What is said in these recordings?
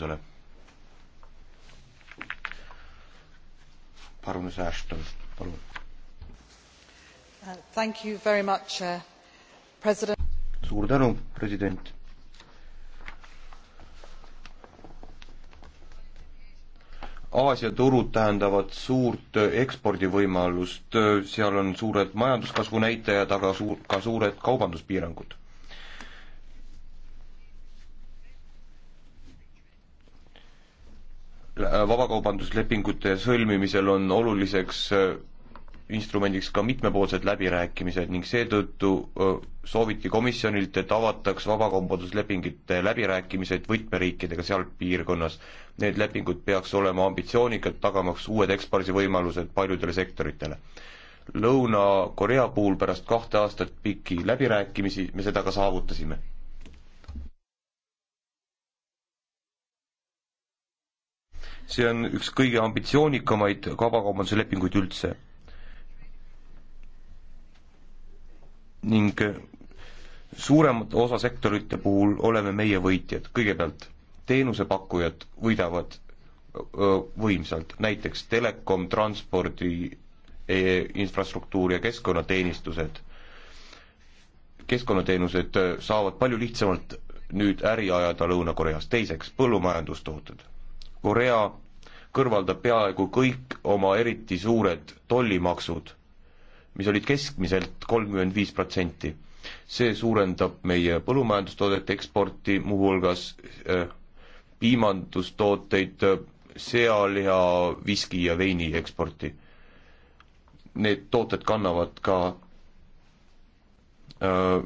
hääletusele. parunes Ashton, palun. Thank you very much uh,, president. suur tänu, president. Aasia turud tähendavad suurt ekspordivõimalust, seal on suured majanduskasvu näitajad, aga suur, ka suured kaubanduspiirangud Äh, vabakaubanduslepingute sõlmimisel on oluliseks äh, instrumendiks ka mitmepoolsed läbirääkimised ning seetõttu äh, sooviti komisjonilt, et avataks vabakaubanduslepingute läbirääkimised võtmeriikidega seal piirkonnas. Need lepingud peaks olema ambitsioonikad, tagamaks uued ekspordivõimalused paljudele sektoritele. Lõuna-Korea puhul pärast kahte aastat pikki läbirääkimisi me seda ka saavutasime see on üks kõige ambitsioonikamaid vabakaubanduse lepinguid üldse. ning eh, suuremat osa sektorite puhul oleme meie võitjad, kõigepealt teenusepakkujad võidavad eh, võimsalt, näiteks telekom, transpordi e, infrastruktuur ja keskkonnateenistused, keskkonnateenused saavad palju lihtsamalt nüüd äri ajada Lõuna-Koreas, teiseks põllumajandustooted Korea kõrvaldab peaaegu kõik oma eriti suured tollimaksud, mis olid keskmiselt kolmkümmend viis protsenti. see suurendab meie põllumajandustoodete eksporti, muuhulgas äh, piimandustooteid, sealiha, viski ja veini eksporti. Need tooted kannavad ka äh,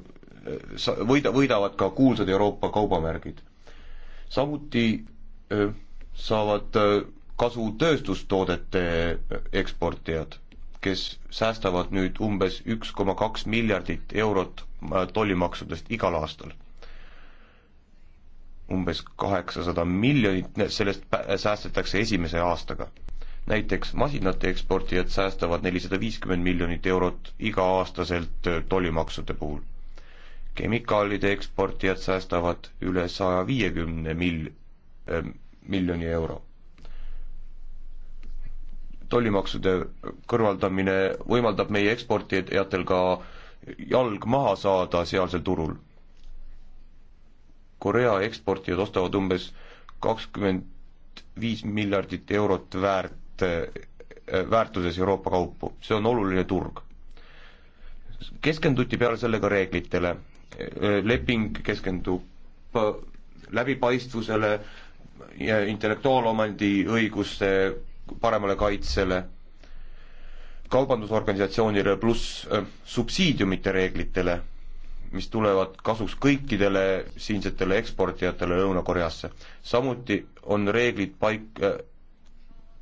sa-, võida-, võidavad ka kuulsad Euroopa kaubamärgid. samuti öö, äh, saavad äh, kasu tööstustoodete äh, eksportijad, kes säästavad nüüd umbes üks koma kaks miljardit eurot äh, tollimaksudest igal aastal. umbes kaheksasada miljonit sellest säästetakse esimese aastaga. näiteks masinate eksportijad säästavad nelisada viiskümmend miljonit eurot iga-aastaselt tollimaksude puhul. kemikaalide eksportijad säästavad üle saja viiekümne mil-, ähm, miljoni euro. tollimaksude kõrvaldamine võimaldab meie eksportijatel ka jalg maha saada sealsel turul. Korea eksportijad ostavad umbes kakskümmend viis miljardit eurot väärt, äh, väärtuses Euroopa kaupu, see on oluline turg. keskenduti peale selle ka reeglitele, äh, leping keskendub äh, läbipaistvusele, intellektuaalomandi õiguste paremale kaitsele, kaubandusorganisatsioonile pluss äh, subsiidiumite reeglitele, mis tulevad kasuks kõikidele siinsetele eksportijatele Lõuna-Koreasse. samuti on reeglid paik, äh,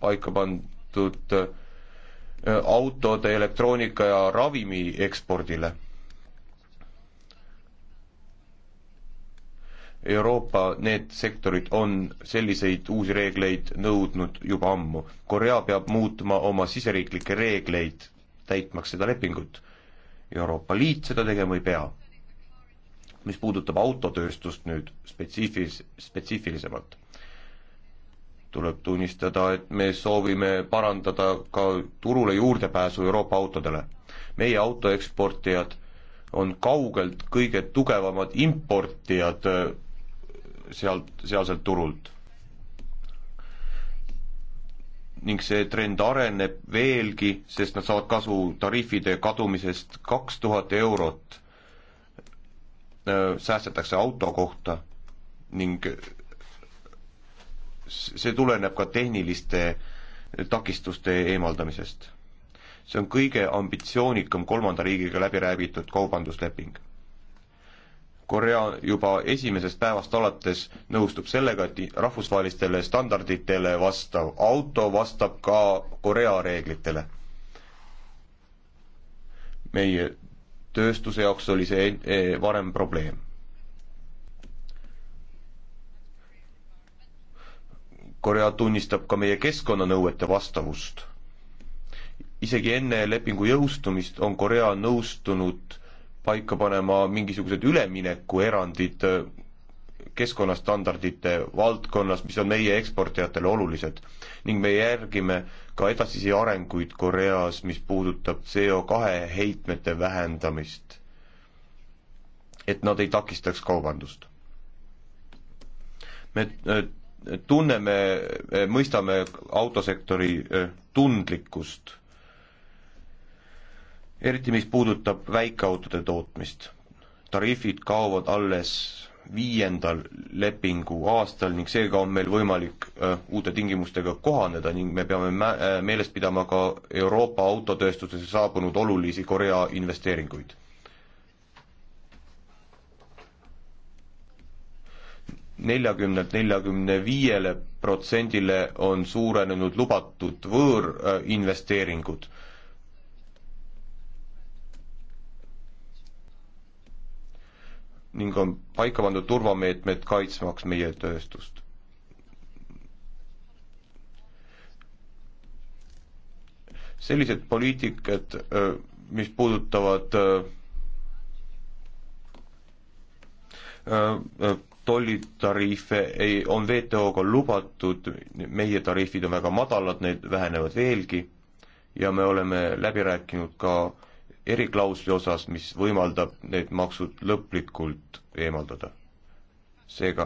paika pandud äh, autode, elektroonika ja ravimi ekspordile Euroopa need sektorid on selliseid uusi reegleid nõudnud juba ammu. Korea peab muutma oma siseriiklikke reegleid, täitmaks seda lepingut. Euroopa Liit seda tegema ei pea. mis puudutab autotööstust nüüd spetsiifilis-, spetsiifilisemalt, tuleb tunnistada, et me soovime parandada ka turule juurdepääsu Euroopa autodele. meie autoeksportijad on kaugelt kõige tugevamad importijad sealt, sealselt turult. ning see trend areneb veelgi, sest nad saavad kasu tariifide kadumisest kaks tuhat eurot äh, säästetakse auto kohta ning see tuleneb ka tehniliste takistuste eemaldamisest. see on kõige ambitsioonikam kolmanda riigiga läbi räägitud kaubandusleping. Korea juba esimesest päevast alates nõustub sellega, et rahvusvahelistele standarditele vastav auto vastab ka Korea reeglitele. meie tööstuse jaoks oli see e, varem probleem. Korea tunnistab ka meie keskkonnanõuete vastavust. isegi enne lepingu jõustumist on Korea nõustunud paika panema mingisugused üleminekuerandid äh, keskkonnastandardite valdkonnas, mis on meie eksportijatele olulised. ning me järgime ka edasisi arenguid Koreas, mis puudutab CO kahe heitmete vähendamist. et nad ei takistaks kaubandust. me äh, tunneme, äh, mõistame autosektori tundlikkust eriti mis puudutab väikeautode tootmist. tariifid kaovad alles viiendal lepingu aastal ning seega on meil võimalik äh, uute tingimustega kohaneda ning me peame mä-, äh, meeles pidama ka Euroopa autotööstusesse saabunud olulisi Korea investeeringuid. neljakümnelt neljakümne viiele protsendile on suurenenud lubatud võõrinvesteeringud äh, ning on paika pandud turvameetmed kaitsmaks meie tööstust. sellised poliitikad, mis puudutavad tollitariife ei, on WTO-ga lubatud, meie tariifid on väga madalad, need vähenevad veelgi ja me oleme läbi rääkinud ka äh, eriklausli osas, mis võimaldab need maksud lõplikult eemaldada. seega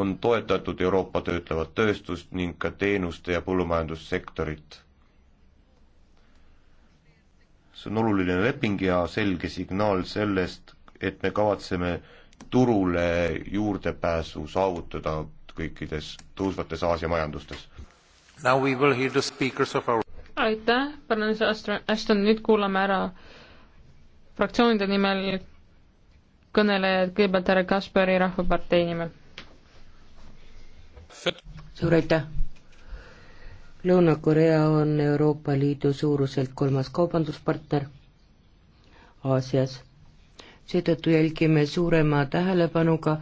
on toetatud Euroopa töötlevat tööstust ning ka teenuste ja põllumajandussektorit. see on oluline leping ja selge signaal sellest, et me kavatseme turule juurdepääsu saavutada kõikides tõusvates Aasia majandustes. Our... aitäh, Bernice Ashton, nüüd kuulame ära fraktsioonide nimel kõnelejad, kõigepealt härra Kaspari Rahvapartei nimel. suur aitäh! Lõuna-Korea on Euroopa Liidu suuruselt kolmas kaubanduspartner Aasias. seetõttu jälgime suurema tähelepanuga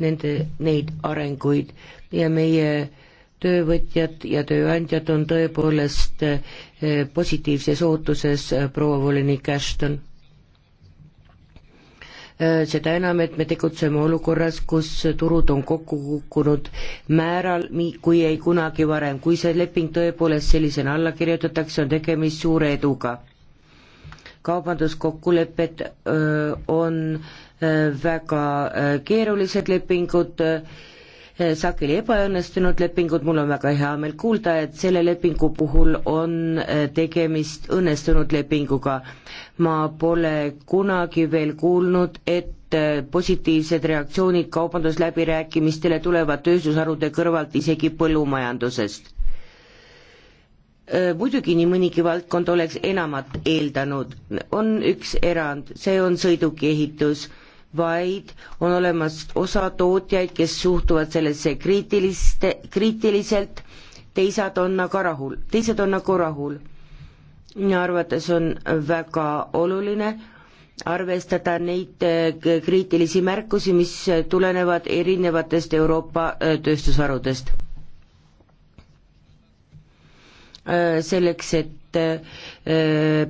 nende, neid arenguid ja meie töövõtjad ja tööandjad on tõepoolest eh, positiivses ootuses eh, proua volinik Ashton Äh, seda enam, et me tegutseme olukorras, kus turud on kokku kukkunud määral, kui ei kunagi varem. kui see leping tõepoolest sellisena alla kirjutatakse, on tegemist suure eduga. kaubanduskokkulepped äh, on äh, väga keerulised lepingud öö, Eh, sageli ebaõnnestunud lepingud, mul on väga hea meel kuulda, et selle lepingu puhul on eh, tegemist õnnestunud lepinguga. ma pole kunagi veel kuulnud, et eh, positiivsed reaktsioonid kaubandusläbirääkimistele tulevad tööstusharude kõrvalt isegi põllumajandusest. muidugi nii mõnigi valdkond oleks enamat eeldanud, on üks erand, see on sõidukiehitus vaid on olemas osa tootjaid, kes suhtuvad sellesse kriitiliste, kriitiliselt, teised on aga rahul, teised on nagu rahul. minu arvates on väga oluline arvestada neid äh, kriitilisi märkusi, mis tulenevad erinevatest Euroopa äh, tööstusharudest. Äh, selleks, et Äh,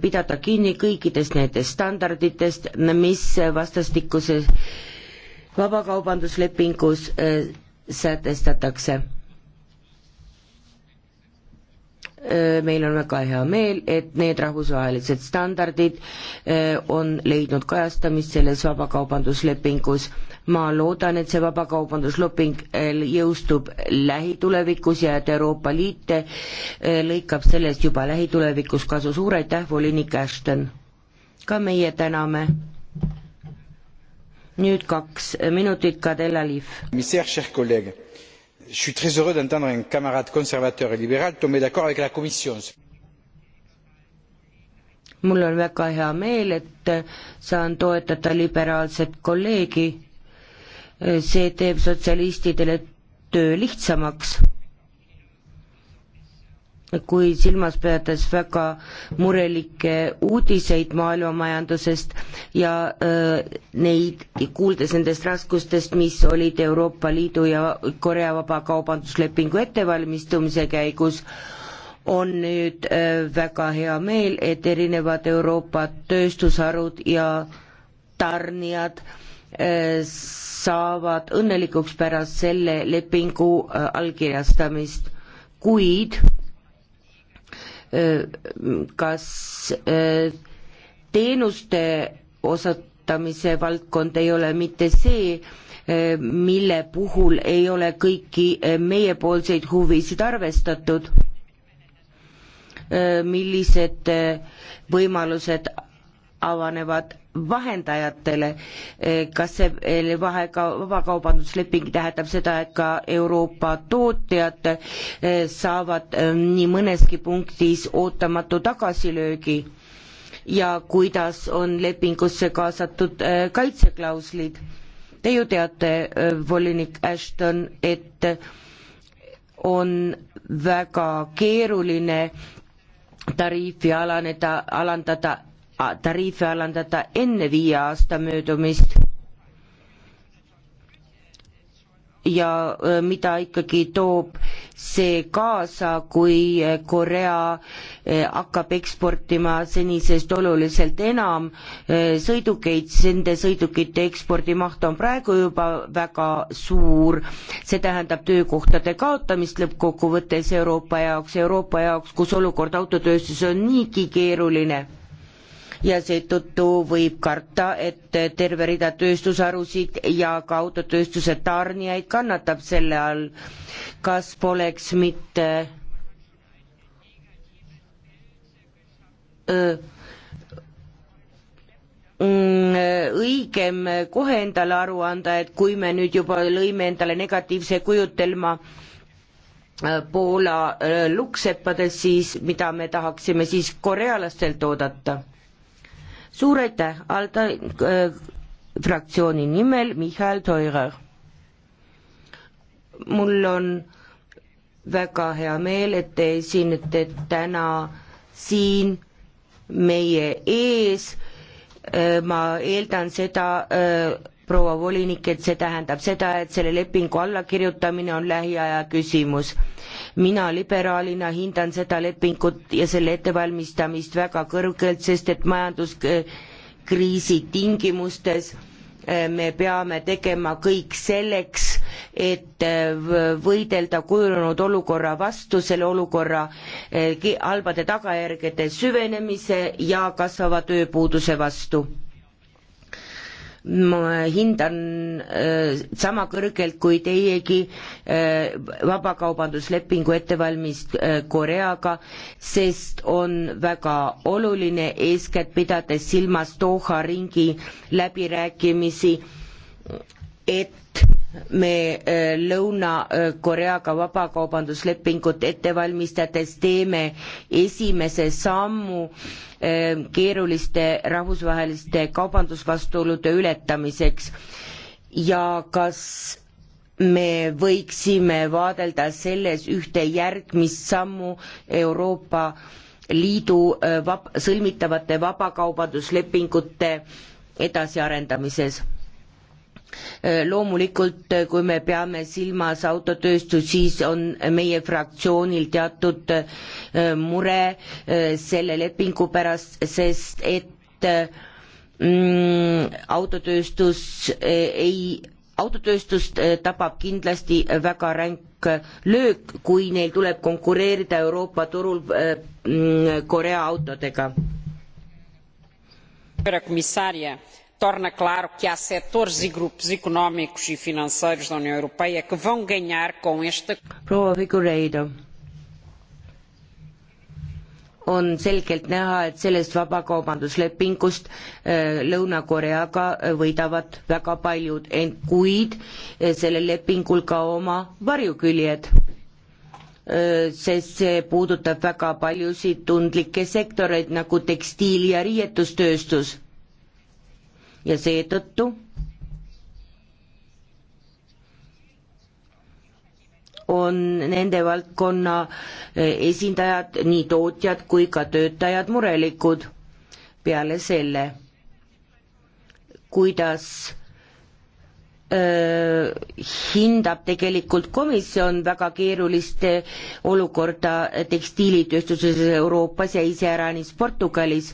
pidada kinni kõikidest nendest standarditest, mis vastastikuses vabakaubanduslepingus äh, sätestatakse. Äh, meil on väga hea meel, et need rahvusvahelised standardid on leidnud kajastamist selles vabakaubanduslepingus ma loodan, et see vabakaubandusleping äh, jõustub lähitulevikus ja et Euroopa Liit äh, lõikab sellest juba lähitulevikus kasu. suur aitäh, volinik Ashton! ka meie täname. nüüd kaks minutit, Kadri Laliv. Je suis très heureux d'entendre un camarade conservateur et libéral tomber d'accord avec la Commission mul on väga hea meel, et saan toetada liberaalset kolleegi, see teeb sotsialistidele töö lihtsamaks, kui silmas pidades väga murelikke uudiseid maailmamajandusest ja öö, äh, neid, kuuldes nendest raskustest, mis olid Euroopa Liidu ja Korea vabakaubanduslepingu ettevalmistumise käigus, on nüüd öö, äh, väga hea meel, et erinevad Euroopa tööstusharud ja tarnijad öö, Äh, saavad õnnelikuks pärast selle lepingu äh, allkirjastamist, kuid äh, kas teenuste osutamise valdkond ei ole mitte see, mille puhul ei ole kõiki meiepoolseid huvisid arvestatud, millised võimalused avanevad vahendajatele, kas see eh, vaheka-, vabakaubandusleping tähendab seda, et ka Euroopa tootjad eh, saavad eh, nii mõneski punktis ootamatu tagasilöögi ja kuidas on lepingusse kaasatud kaitseklauslid? Te ju teate, volinik Ashton, et on väga keeruline tariifi alaneda, alandada tariife alandada enne viie aasta möödumist ja äh, mida ikkagi toob see kaasa, kui äh, Korea äh, hakkab eksportima senisest oluliselt enam sõidukeid, nende sõidukite ekspordimaht on praegu juba väga suur, see tähendab töökohtade kaotamist lõppkokkuvõttes Euroopa jaoks, Euroopa jaoks, kus olukord autotööstuses on niigi keeruline ja seetõttu võib karta, et terve rida tööstusharusid ja ka autotööstuse tarnijaid kannatab selle all. kas poleks mitte öö, mm, õigem kohe endale aru anda, et kui me nüüd juba lõime endale negatiivse kujutelma Poola lukkseppadest, siis mida me tahaksime siis korealastelt oodata? suur aitäh, Alde äh, fraktsiooni nimel Mihhail Toirer. mul on väga hea meel, et te esinete täna siin meie ees, äh, ma eeldan seda äh, proua volinik, et see tähendab seda, et selle lepingu allakirjutamine on lähiaja küsimus mina liberaalina hindan seda lepingut ja selle ettevalmistamist väga kõrgelt, sest et majanduskriisi tingimustes äh, me peame tegema kõik selleks, et äh, võidelda kujunenud olukorra vastu, selle olukorra äh, halbade tagajärgede süvenemise ja kasvava tööpuuduse vastu ma hindan äh, sama kõrgelt kui teiegi äh, vabakaubanduslepingu ettevalmist äh, Koreaga, sest on väga oluline, eeskätt pidades silmas Doha ringi läbirääkimisi, et me äh, Lõuna-Koreaga vabakaubanduslepingut ette valmistades teeme esimese sammu äh, keeruliste rahvusvaheliste kaubandusvastuolude ületamiseks ja kas me võiksime vaadelda selles ühte järgmist sammu Euroopa Liidu äh, vab sõlmitavate vabakaubanduslepingute edasiarendamises Äh, loomulikult, äh, kui me peame silmas autotööstust, siis on meie fraktsioonil teatud äh, mure selle lepingu pärast, sest et mm, autotööstus ei, autotööstust tabab kindlasti väga ränk löök, kui neil tuleb konkureerida Euroopa turul mm, Korea autodega. härra komissar torna claro que há setores e grupos económicos e financeiros da união europeia que vão ganhar com este acordo. on selgelt näha, et sellest vabakaubanduslepingust äh, Lõuna-Koreaga äh, võidavad väga paljud, ent kuid äh, sellel lepingul ka oma varjuküljed sest see puudutab väga paljusid tundlikke sektoreid nagu tekstiil- ja riietustööstus ja seetõttu on nende valdkonna e, esindajad, nii tootjad kui ka töötajad murelikud. peale selle, kuidas öö, e, hindab tegelikult komisjon väga keerulist olukorda tekstiilitööstuses Euroopas ja iseäranis Portugalis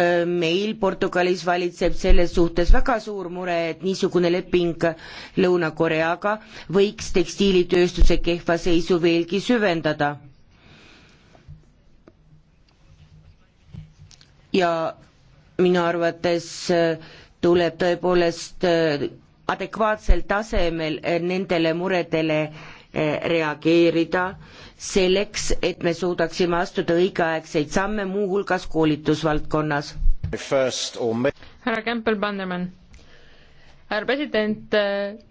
Äh, meil Portugalis valitseb selles suhtes väga suur mure, et niisugune leping Lõuna-Koreaga võiks tekstiilitööstuse kehva seisu veelgi süvendada. ja minu arvates äh, tuleb tõepoolest äh, adekvaatsel tasemel nendele muredele reageerida selleks, et me suudaksime astuda õigeaegseid samme, muuhulgas koolitusvaldkonnas. härra Campbell-Bandermann härra president,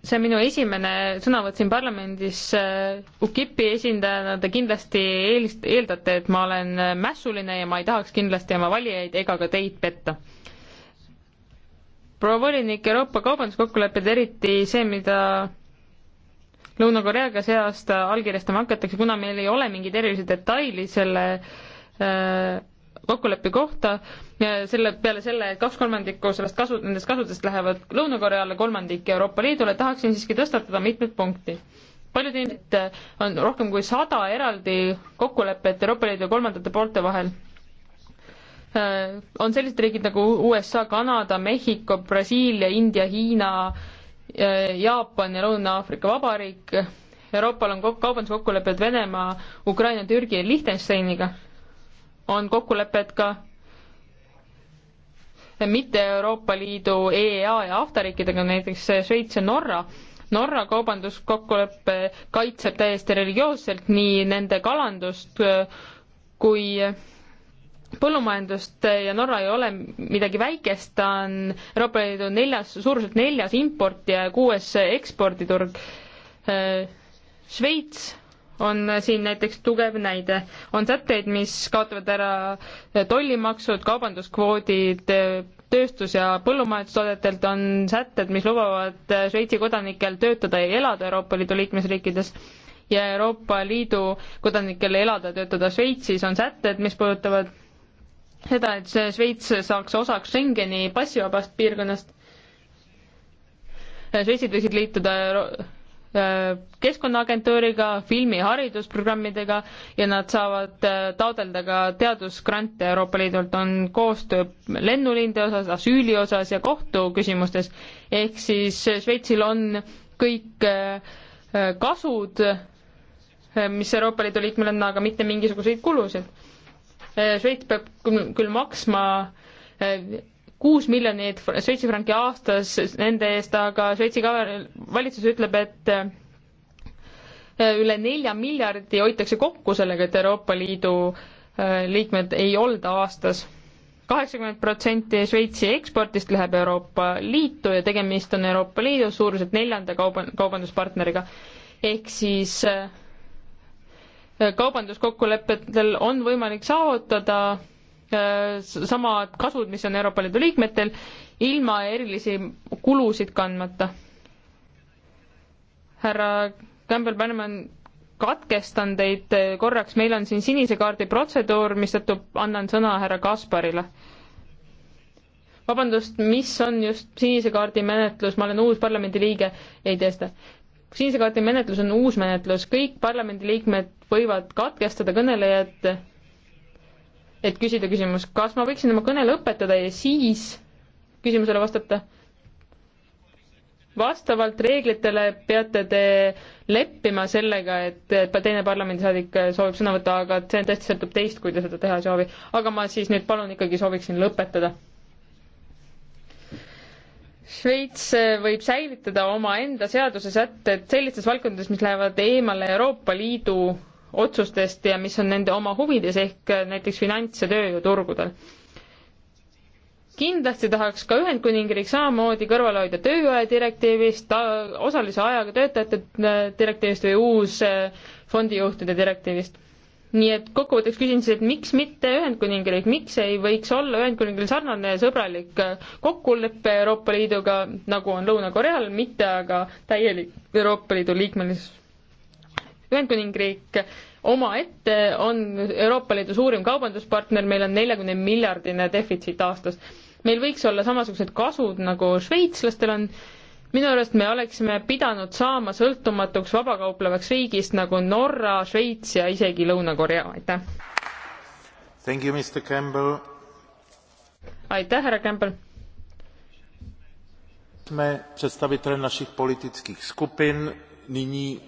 see on minu esimene sõnavõtt siin parlamendis UKIP-i esindajana, te kindlasti eelist-, eeldate, et ma olen mässuline ja ma ei tahaks kindlasti oma valijaid ega ka teid petta. proua volinik, Euroopa kaubanduskokkulepped, eriti see, mida Lõuna-Koreaga see aasta allkirjastama hakatakse, kuna meil ei ole mingeid erilisi detaili selle äh, kokkuleppe kohta, selle, peale selle, et kaks kolmandikku sellest kasu, nendest kasudest lähevad Lõuna-Koreale, kolmandik Euroopa Liidule, tahaksin siiski tõstatada mitmeid punkti. paljud inimesed, äh, on rohkem kui sada eraldi kokkulepet Euroopa Liidu ja kolmandate poolte vahel. Äh, on sellised riigid nagu USA, Kanada, Mehhiko, Brasiilia, India, Hiina, Äh, Jaapan ja Lõuna-Aafrika Vabariik. Euroopal on kaubanduskokkulepped Venemaa, Ukraina, Türgi ja Liechtensteiniga. on kokkulepped ka mitte Euroopa Liidu EEA ja AFTA riikidega, näiteks Šveits ja Norra. Norra kaubanduskokkulepe kaitseb täiesti religioosselt nii nende kalandust äh, kui põllumajandust ja Norra ei ole midagi väikest, ta on Euroopa Liidu neljas, suuruselt neljas import ja kuues eksporditurg. Šveits on siin näiteks tugev näide. on sätteid, mis kaotavad ära tollimaksud, kaubanduskvoodid, tööstus- ja põllumajandustoodetelt on sätted, mis lubavad Šveitsi kodanikel töötada ja elada Euroopa Liidu liikmesriikides ja Euroopa Liidu kodanikel elada ja töötada Šveitsis, on sätted, mis puudutavad seda, et Šveits saaks osaks Schengeni passivabast piirkonnast. šveitsid võisid liituda äh, keskkonnaagentuuriga, filmi haridusprogrammidega ja nad saavad äh, taotleda ka teadusgrante Euroopa Liidult, on koostöö lennuliinide osas, asüüli osas ja kohtuküsimustes. ehk siis Šveitsil on kõik äh, kasud, mis Euroopa Liidu liikmel on, aga mitte mingisuguseid kulusid Eh, Šveits peab küll maksma eh, kuus miljonit Šveitsi franki aastas nende eest, aga Šveitsi valitsus ütleb, et eh, üle nelja miljardi hoitakse kokku sellega, et Euroopa Liidu liikmed ei olda aastas. kaheksakümmend protsenti Šveitsi ekspordist läheb Euroopa Liitu ja tegemist on Euroopa Liidu suuruselt neljanda kauba, kaubanduspartneriga. ehk siis äh, kaubanduskokkulepetel on võimalik saavutada äh, samad kasud, mis on Euroopa Liidu liikmetel, ilma erilisi kulusid kandmata. härra Campbell-Bannemann, katkestan teid äh, korraks, meil on siin sinise kaardi protseduur, mistõttu annan sõna härra Kasparile. vabandust, mis on just sinise kaardi menetlus, ma olen uus parlamendiliige, ei tea seda sinise kaardi menetlus on uus menetlus, kõik parlamendiliikmed võivad katkestada kõnelejat, et küsida küsimus, kas ma võiksin oma kõne lõpetada ja siis küsimusele vastata. vastavalt reeglitele peate te leppima sellega, et teine parlamendisaadik soovib sõna võtta, aga see tõesti sõltub teist, kui te seda teha ei soovi. aga ma siis nüüd palun ikkagi sooviksin lõpetada Šveits äh, võib säilitada omaenda seadusesätted sellistes valdkondades, mis lähevad eemale Euroopa Liidu otsustest ja mis on nende oma huvides, ehk äh, näiteks finants- ja tööjõuturgudel. kindlasti tahaks ka Ühendkuningriik samamoodi kõrvale hoida tööaja direktiivist, osalise ajaga töötajate äh, direktiivist või uus fondijuhtide direktiivist nii et kokkuvõtteks küsin siis, et miks mitte Ühendkuningriik, miks ei võiks olla Ühendkuningriigil sarnane sõbralik äh, kokkulepe Euroopa Liiduga, nagu on Lõuna-Koreal, mitte aga täielik Euroopa Liidu liikmelisus? Ühendkuningriik omaette on Euroopa Liidu suurim kaubanduspartner, meil on neljakümne miljardine defitsiit aastas. meil võiks olla samasugused kasud, nagu šveitslastel on minu arust me oleksime pidanud saama sõltumatuks vabakauplevaks riigist nagu Norra, Šveits ja isegi Lõuna-Korea, aitäh. aitäh, härra Campbell. jsme představitelé našich politických skupin, nyní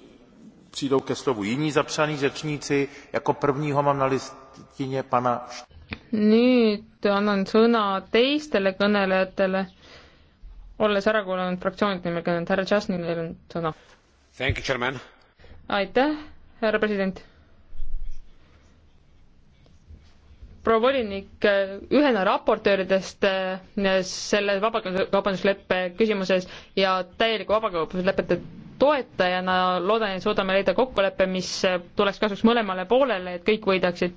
přijdou ke slovu jiní zapsaní řečníci. Jako prvního mám na listině pana... Nüüd annan sõna teistele kõnelejatele olles ära kuulanud fraktsioonid nimel kõnelenud, härra Jasminil on sõna. aitäh, härra president proua volinik, ühena raportööridest äh, selle vabakaubandusleppe küsimuses ja täieliku vabakaubanduslepete toetajana loodan, et suudame leida kokkuleppe, mis tuleks kasuks mõlemale poolele, et kõik võidaksid.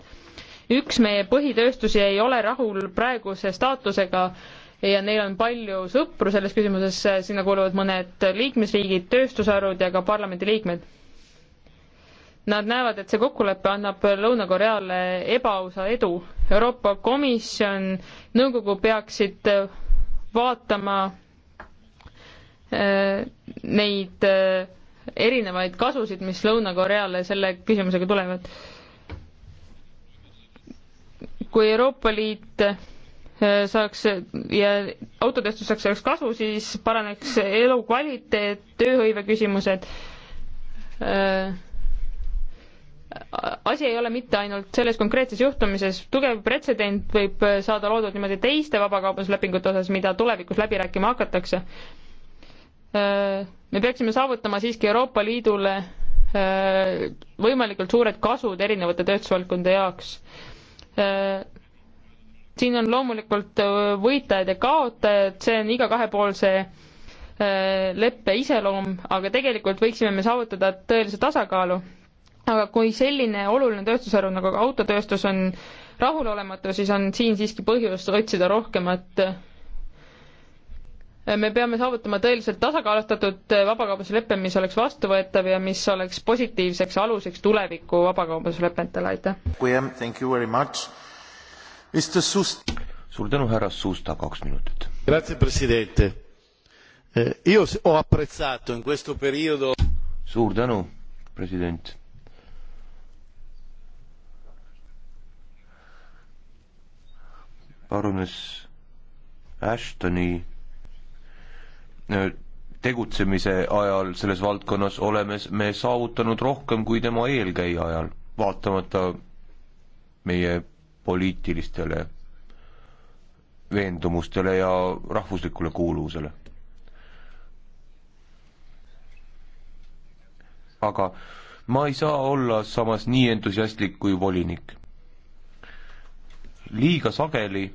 üks meie põhitööstusi ei ole rahul praeguse staatusega ja neil on palju sõpru selles küsimuses, sinna kuuluvad mõned liikmesriigid, tööstusharud ja ka parlamendiliikmed. Nad näevad, et see kokkulepe annab Lõuna-Koreale ebaausa edu. Euroopa Komisjon, nõukogu peaksid vaatama äh, neid äh, erinevaid kasusid, mis Lõuna-Koreale selle küsimusega tulevad. kui Euroopa Liit saaks ja autotööstus saaks sellest kasu, siis paraneks elukvaliteet, tööhõive küsimused. Äh, asi ei ole mitte ainult selles konkreetses juhtumises, tugev pretsedent võib saada loodud niimoodi teiste vabakaubanduslepingute osas, mida tulevikus läbi rääkima hakatakse. Äh, me peaksime saavutama siiski Euroopa Liidule äh, võimalikult suured kasud erinevate tööstusvaldkondade jaoks siin on loomulikult äh, võitlejad ja kaotajad, see on iga kahepoolse äh, leppe iseloom, aga tegelikult võiksime me saavutada tõelise tasakaalu. aga kui selline oluline tööstusharu nagu autotööstus on rahulolematu, siis on siin siiski põhjust otsida rohkemat äh, me peame saavutama tõeliselt tasakaalustatud vabakaubanduslepe, mis oleks vastuvõetav ja mis oleks positiivseks aluseks tuleviku vabakaubanduslepetele, aitäh! suur tänu, härra Susta, kaks minutit. Eh, periodo... suur tänu, president. parunes Ashtoni eh, tegutsemise ajal selles valdkonnas oleme me saavutanud rohkem kui tema eelkäija ajal, vaatamata meie poliitilistele veendumustele ja rahvuslikule kuuluvusele. aga ma ei saa olla samas nii entusiastlik kui volinik. liiga sageli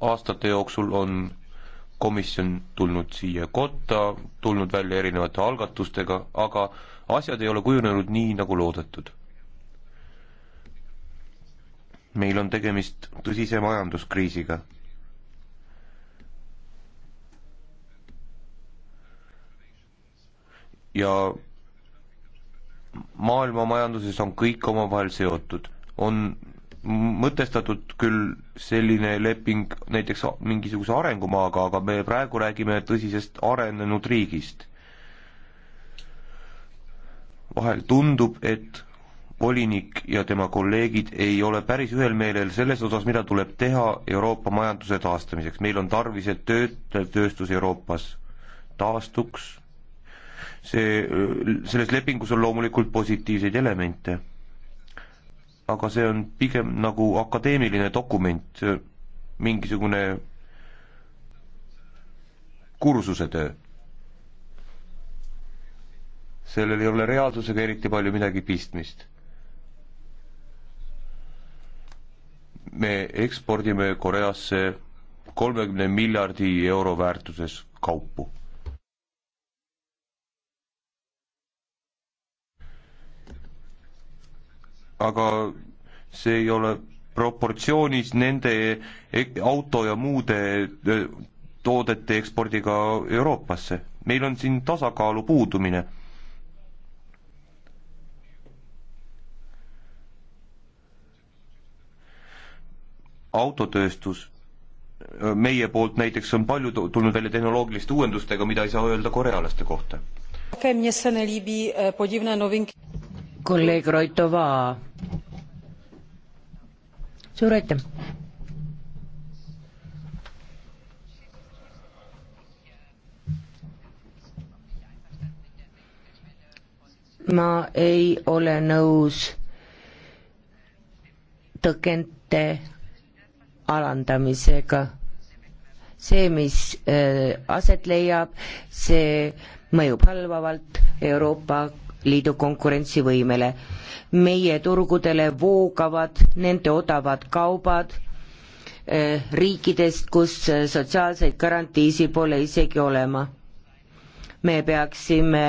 aastate jooksul on komisjon tulnud siia kotta, tulnud välja erinevate algatustega, aga asjad ei ole kujunenud nii, nagu loodetud meil on tegemist tõsise majanduskriisiga. ja maailma majanduses on kõik omavahel seotud, on mõtestatud küll selline leping näiteks mingisuguse arengumaaga, aga me praegu räägime tõsisest arenenud riigist. vahel tundub, et volinik ja tema kolleegid ei ole päris ühel meelel selles osas, mida tuleb teha Euroopa majanduse taastamiseks. meil on tarvis, et töötlev tööstus Euroopas taastuks. see, selles lepingus on loomulikult positiivseid elemente. aga see on pigem nagu akadeemiline dokument, mingisugune kursuse töö. sellel ei ole reaalsusega eriti palju midagi pistmist me ekspordime Koreasse kolmekümne miljardi euro väärtuses kaupu. aga see ei ole proportsioonis nende e-, auto ja muude toodete ekspordiga Euroopasse. meil on siin tasakaalu puudumine autotööstus, meie poolt näiteks on palju tulnud välja tehnoloogiliste uuendustega, mida ei saa öelda korealaste kohta. Eh, kolleeg Roitova. suur aitäh. ma ei ole nõus tõkente alandamisega. see, mis äh, aset leiab, see mõjub halvavalt Euroopa Liidu konkurentsivõimele. meie turgudele voogavad nende odavad kaubad äh, riikidest, kus äh, sotsiaalseid garantiisid pole isegi olema. me peaksime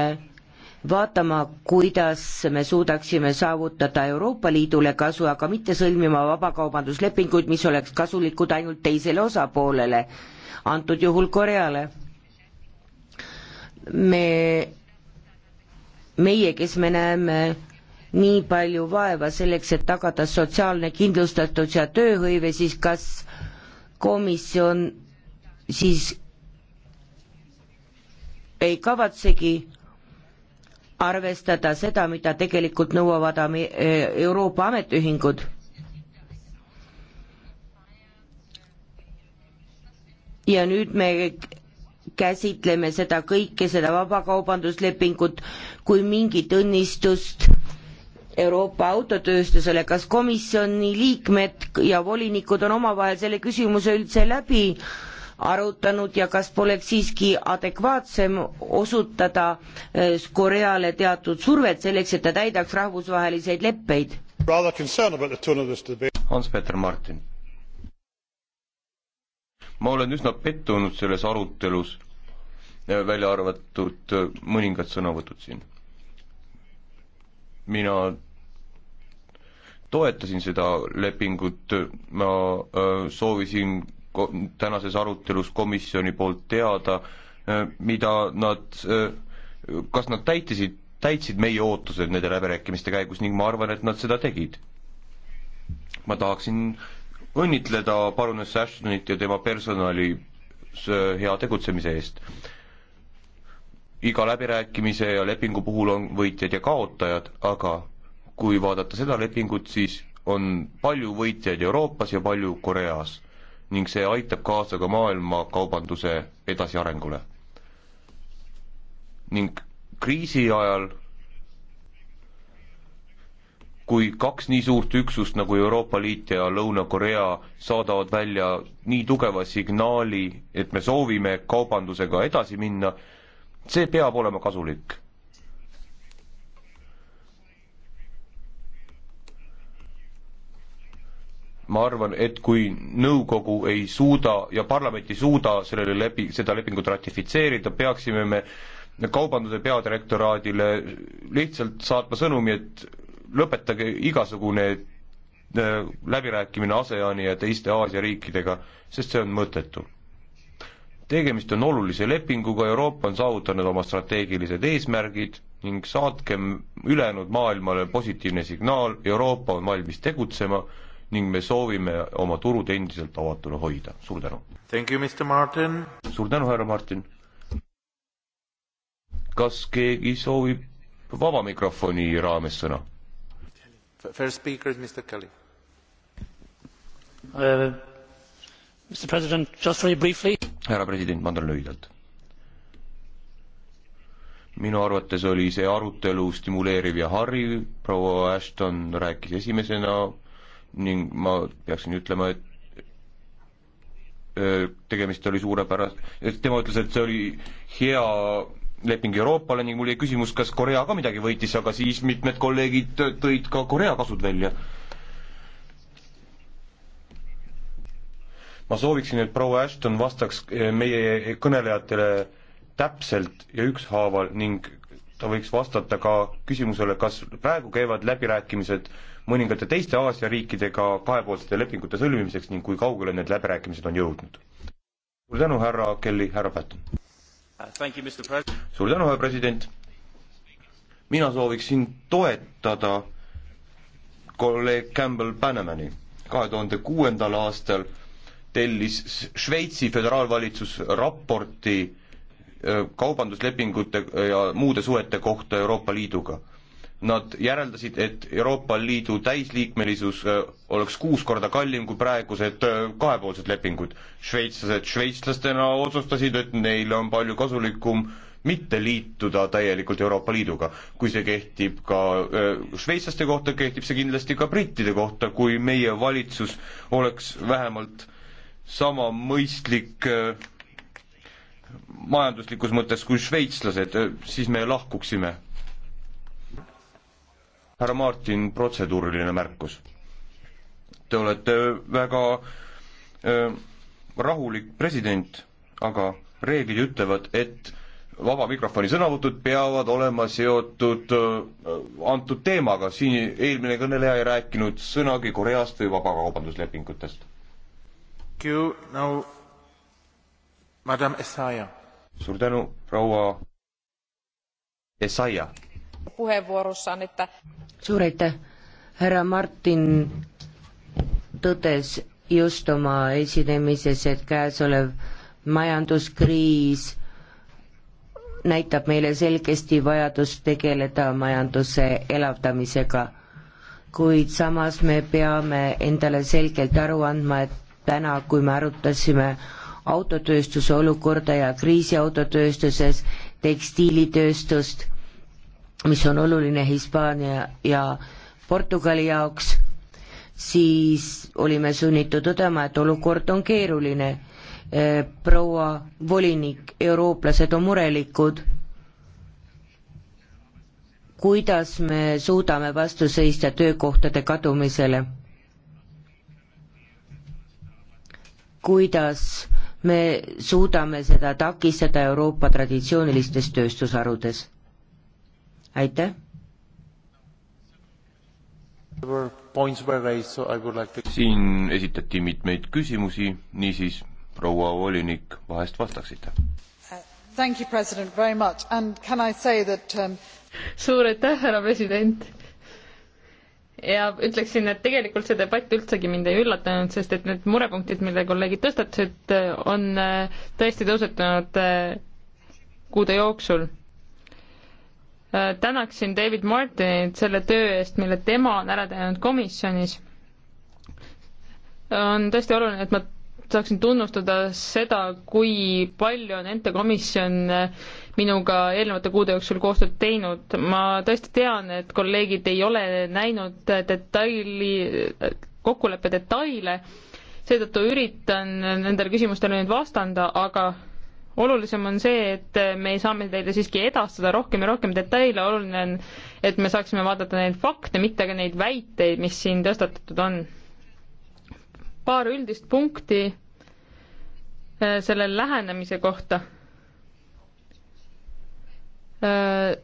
vaatama, kuidas me suudaksime saavutada Euroopa Liidule kasu, aga mitte sõlmima vabakaubanduslepinguid, mis oleks kasulikud ainult teisele osapoolele, antud juhul Koreale. me, meie, kes me näeme nii palju vaeva selleks, et tagada sotsiaalne kindlustatus ja tööhõive, siis kas komisjon siis ei kavatsegi arvestada seda, mida tegelikult nõuavad e, Euroopa ametiühingud. ja nüüd me käsitleme seda kõike, seda vabakaubanduslepingut kui mingit õnnistust Euroopa autotööstusele, kas komisjoni liikmed ja volinikud on omavahel selle küsimuse üldse läbi äh, arutanud ja kas poleks siiski adekvaatsem osutada eh, Koreale teatud survet selleks, et ta täidaks rahvusvaheliseid leppeid? Hans-Peter Martin. ma olen üsna pettunud selles arutelus, eh, välja arvatud eh, mõningad sõnavõtud siin. mina toetasin seda lepingut, ma soovisin tänases arutelus komisjoni poolt teada, äh, mida nad, äh, kas nad täitisid, täitsid meie ootused nende läbirääkimiste käigus ning ma arvan, et nad seda tegid. ma tahaksin õnnitleda paruness Ashtonit ja tema personali äh, hea tegutsemise eest. iga läbirääkimise ja lepingu puhul on võitjad ja kaotajad, aga kui vaadata seda lepingut, siis on palju võitjaid Euroopas ja palju Koreas ning see aitab kaasa ka maailmakaubanduse edasiarengule. ning kriisi ajal, kui kaks nii suurt üksust nagu Euroopa Liit ja Lõuna-Korea saadavad välja nii tugeva signaali, et me soovime kaubandusega edasi minna, see peab olema kasulik ma arvan, et kui nõukogu ei suuda ja parlament ei suuda sellele lepi, seda lepingut ratifitseerida, peaksime me kaubanduse peadirektoraadile lihtsalt saatma sõnumi, et lõpetage igasugune äh, läbirääkimine ASEAN-i ja teiste Aasia riikidega, sest see on mõttetu. tegemist on olulise lepinguga, Euroopa on saavutanud oma strateegilised eesmärgid ning saatkem ülejäänud maailmale positiivne signaal, Euroopa on valmis tegutsema ning me soovime oma turud endiselt avatuna hoida. suur tänu! suur tänu, härra Martin! kas keegi soovib vaba mikrofoni raames sõna? Uh, härra president, ma annan lühidalt. minu arvates oli see arutelu stimuleeriv ja hariv, proua Ashton rääkis esimesena, ning ma peaksin ütlema, et tegemist oli suurepärase, tema ütles, et see oli hea leping Euroopale ning mul jäi küsimus, kas Korea ka midagi võitis, aga siis mitmed kolleegid tõid ka Korea kasud välja. ma sooviksin, et proua Ashton vastaks meie kõnelejatele täpselt ja ükshaaval ning ta võiks vastata ka küsimusele, kas praegu käivad läbirääkimised äh, mõningate teiste Aasia riikidega kahepoolsete lepingute sõlmimiseks ning kui kaugele need läbirääkimised on jõudnud. suur tänu, härra Kelly, härra Patton. suur tänu, härra president. mina sooviksin toetada kolleeg Campbell Bannemani. kahe tuhande kuuendal aastal tellis Šveitsi föderaalvalitsus raporti äh, kaubanduslepingute äh, ja muude suhete kohta Euroopa Liiduga Nad järeldasid, et Euroopa Liidu täisliikmelisus äh, oleks kuus korda kallim kui praegused äh, kahepoolsed lepingud. šveitslased šveitslastena otsustasid, et neile on palju kasulikum mitte liituda täielikult Euroopa Liiduga. kui see kehtib ka äh, šveitslaste kohta, kehtib see kindlasti ka brittide kohta, kui meie valitsus oleks vähemalt sama mõistlik majanduslikus mõttes kui šveitslased, siis me lahkuksime härra Martin, protseduuriline märkus. Te olete väga äh, rahulik president, aga reeglid ütlevad, et vaba mikrofoni sõnavõtud peavad olema seotud äh, antud teemaga, siin eelmine kõneleja ei rääkinud sõnagi Koreast või vabakaubanduslepingutest. suur tänu, proua Essaia puheenvuorossaan, että... Suur aitäh! Härra Martin tõdes just oma esinemises, et käesolev majanduskriis näitab meile selgesti vajadust tegeleda majanduse elavdamisega. kuid samas me peame endale selgelt aru andma, et täna, kui me arutasime autotööstuse olukorda ja kriisi autotööstuses, tekstiilitööstust, mis on oluline Hispaania ja Portugali jaoks, siis olime sunnitud tõdema, et olukord on keeruline. Eh, proua volinik, eurooplased on murelikud. kuidas me suudame vastu seista töökohtade kadumisele? kuidas me suudame seda takistada Euroopa traditsioonilistes tööstusharudes? aitäh! siin esitati mitmeid küsimusi, niisiis proua volinik, vahest vastaksite? Uh, um- suur aitäh, härra president! ja ütleksin, et tegelikult see debatt üldsegi mind ei üllatanud, sest et need murepunktid, mille kolleegid tõstatasid, on äh, tõesti tõusetunud äh, kuude jooksul Äh, tänaksin David Martinit selle töö eest, mille tema on ära teinud komisjonis. on tõesti oluline, et ma saaksin tunnustada seda, kui palju on Ente komisjon äh, minuga eelnevate kuude jooksul koostööd teinud. ma tõesti tean, et kolleegid ei ole näinud detaili, kokkuleppe detaile, seetõttu üritan nendele küsimustele nüüd vastanda, aga olulisem on see, et me saame teile siiski edastada rohkem ja rohkem detaile, oluline on, et me saaksime vaadata neid fakte, mitte ka neid väiteid, mis siin tõstatatud on. paar üldist punkti äh, selle lähenemise kohta. Äh,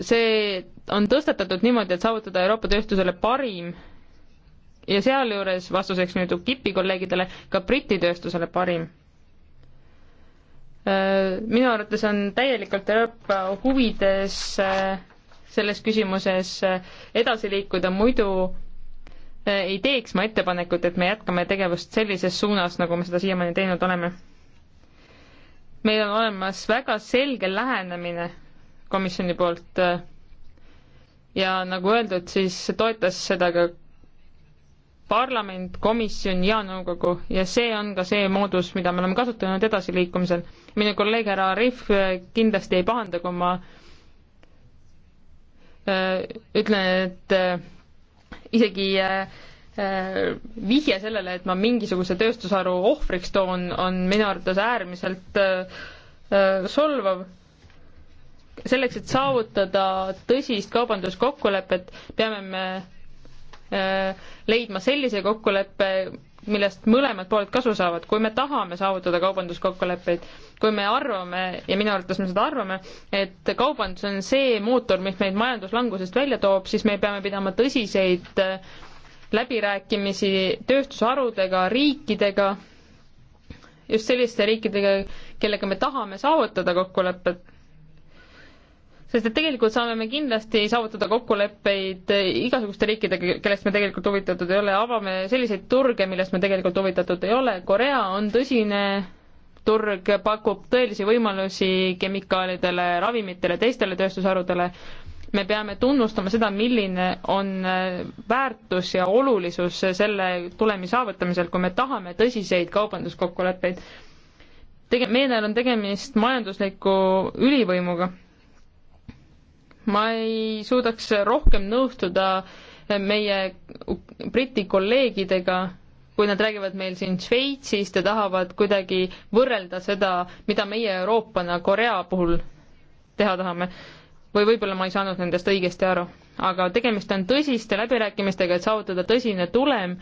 see on tõstatatud niimoodi, et saavutada Euroopa tööstusele parim ja sealjuures vastuseks nüüd UKIP-i kolleegidele ka Briti tööstusele parim Äh, minu arvates on täielikult Euroopa huvides äh, selles küsimuses äh, edasi liikuda, muidu ei teeks ma ettepanekut, et me jätkame tegevust sellises suunas, nagu me seda siiamaani teinud oleme. meil on olemas väga selge lähenemine komisjoni poolt ja nagu öeldud, siis toetas seda ka parlament, komisjon ja nõukogu ja see on ka see moodus, mida me oleme kasutanud edasiliikumisel. minu kolleeg härra Arif äh, kindlasti ei pahanda, kui ma äh, ütlen, et äh, isegi vihje sellele, et ma mingisuguse tööstusharu ohvriks toon, on minu arvates äärmiselt solvav. selleks, et saavutada tõsist kaubanduskokkulepet, peame me Äh, leidma sellise kokkuleppe, millest mõlemad pooled kasu saavad, kui me tahame saavutada kaubanduskokkuleppeid, kui me arvame ja minu arvates me seda arvame, et kaubandus on see mootor, mis meid majanduslangusest välja toob, siis me peame pidama tõsiseid äh, läbirääkimisi tööstusharudega, riikidega, just selliste riikidega, kellega me tahame saavutada kokkulepet sest et tegelikult saame me kindlasti saavutada kokkuleppeid igasuguste riikidega, kellest me tegelikult huvitatud ei ole, avame selliseid turge, millest me tegelikult huvitatud ei ole, Korea on tõsine turg, pakub tõelisi võimalusi kemikaalidele, ravimitele, teistele tööstusharudele, me peame tunnustama seda, milline on väärtus ja olulisus selle tulemi saavutamisel, kui me tahame tõsiseid kaubanduskokkuleppeid. tege-, meie näol on tegemist majandusliku ülivõimuga ma ei suudaks rohkem nõustuda meie Briti kolleegidega, kui nad räägivad meil siin Šveitsist ja tahavad kuidagi võrrelda seda, mida meie Euroopana Korea puhul teha tahame. või võib-olla ma ei saanud nendest õigesti aru, aga tegemist on tõsiste läbirääkimistega, et saavutada tõsine tulem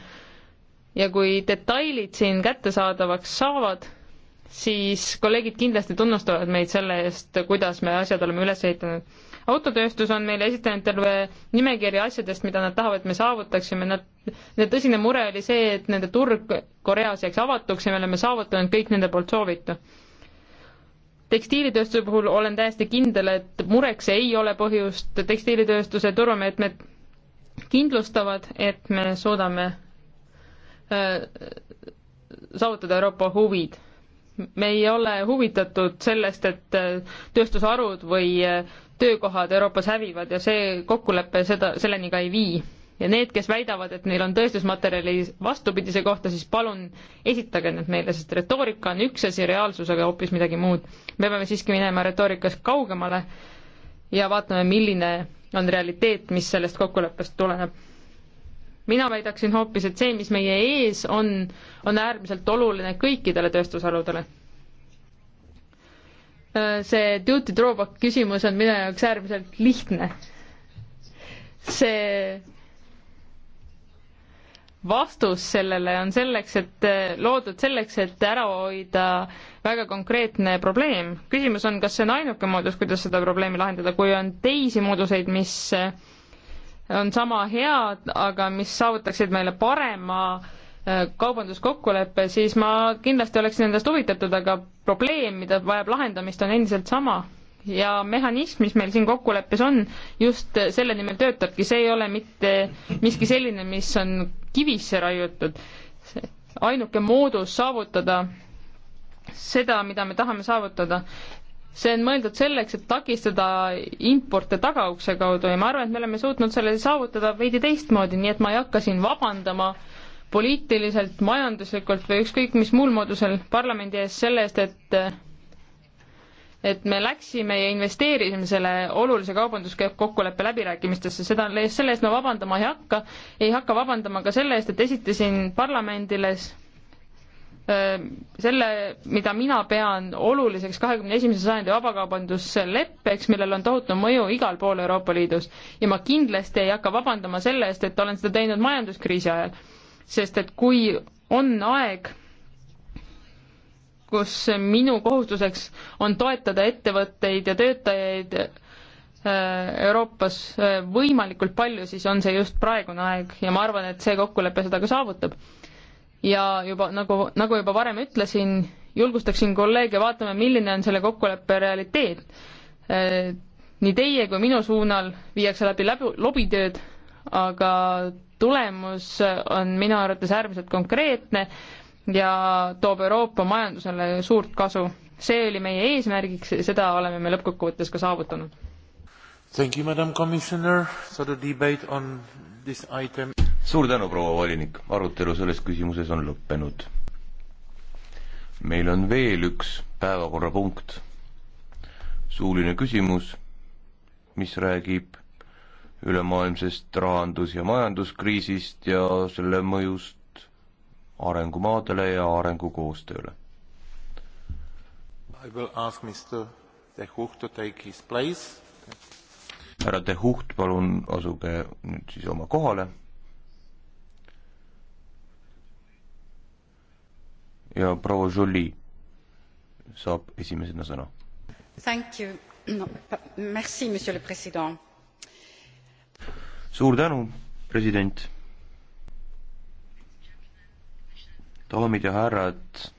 ja kui detailid siin kättesaadavaks saavad, siis kolleegid kindlasti tunnustavad meid selle eest, kuidas me asjad oleme üles ehitanud autotööstus on meile esitanud terve nimekirja asjadest, mida nad tahavad, et me saavutaksime, nad, nende tõsine mure oli see, et nende turg Koreas jääks avatuks ja me oleme saavutanud kõik nende poolt soovitu. tekstiilitööstuse puhul olen täiesti kindel, et mureks ei ole põhjust, tekstiilitööstuse turvameetmed kindlustavad, et me suudame äh, saavutada Euroopa huvid me ei ole huvitatud sellest, et äh, tööstusharud või äh, töökohad Euroopas hävivad ja see kokkulepe seda, selleni ka ei vii. ja need, kes väidavad, et neil on tõestusmaterjali vastupidise kohta, siis palun esitage need meile, sest retoorika on üks asi, reaalsus aga hoopis midagi muud. me peame siiski minema retoorikas kaugemale ja vaatame, milline on realiteet, mis sellest kokkuleppest tuleneb mina väidaksin hoopis, et see, mis meie ees on, on äärmiselt oluline kõikidele tööstusharudele. Äh, see duty drawback küsimus on minu jaoks äärmiselt lihtne. see vastus sellele on selleks, et äh, loodud selleks, et ära hoida väga konkreetne probleem. küsimus on, kas see on ainuke moodus, kuidas seda probleemi lahendada, kui on teisi mooduseid, mis äh, on sama head, aga mis saavutaksid meile parema äh, kaubanduskokkuleppe, siis ma kindlasti oleksin endast huvitatud, aga probleem, mida vajab lahendamist, on endiselt sama. ja mehhanism, mis meil siin kokkuleppes on, just selle nimel töötabki, see ei ole mitte miski selline, mis on kivisse raiutud. ainuke moodus saavutada seda, mida me tahame saavutada, see on mõeldud selleks, et takistada importe tagaukse kaudu ja ma arvan, et me oleme suutnud selle saavutada veidi teistmoodi, nii et ma ei hakka siin vabandama poliitiliselt, majanduslikult või ükskõik mis muul moodusel parlamendi ees selle eest, et et me läksime ja investeerisime selle olulise kaubanduskokkuleppe läbirääkimistesse, seda, selle eest ma vabandama ei hakka, ei hakka vabandama ka selle eest, et esitasin parlamendile selle, mida mina pean oluliseks kahekümne esimese sajandi vabakaubandusleppeks, millel on tohutu mõju igal pool Euroopa Liidus. ja ma kindlasti ei hakka vabandama selle eest, et olen seda teinud majanduskriisi ajal. sest et kui on aeg, kus minu kohustuseks on toetada ettevõtteid ja töötajaid Euroopas võimalikult palju, siis on see just praegune aeg ja ma arvan, et see kokkulepe seda ka saavutab ja juba nagu, nagu juba varem ütlesin, julgustaksin kolleege vaatama, milline on selle kokkuleppe realiteet. Äh, nii teie kui minu suunal viiakse läbi läbi lobitööd, aga tulemus on minu arvates äärmiselt konkreetne ja toob Euroopa majandusele suurt kasu. see oli meie eesmärgiks ja seda oleme me lõppkokkuvõttes ka saavutanud. Thank you, madam commissioner, for the debate on this item suur tänu, proua volinik, arutelu selles küsimuses on lõppenud. meil on veel üks päevakorrapunkt, suuline küsimus, mis räägib ülemaailmsest rahandus- ja majanduskriisist ja selle mõjust arengumaadele ja arengukoostööle. härra De Hucht, palun asuge nüüd siis oma kohale ja proua Jolie saab esimesena sõna. suur tänu, president. daamid ja härrad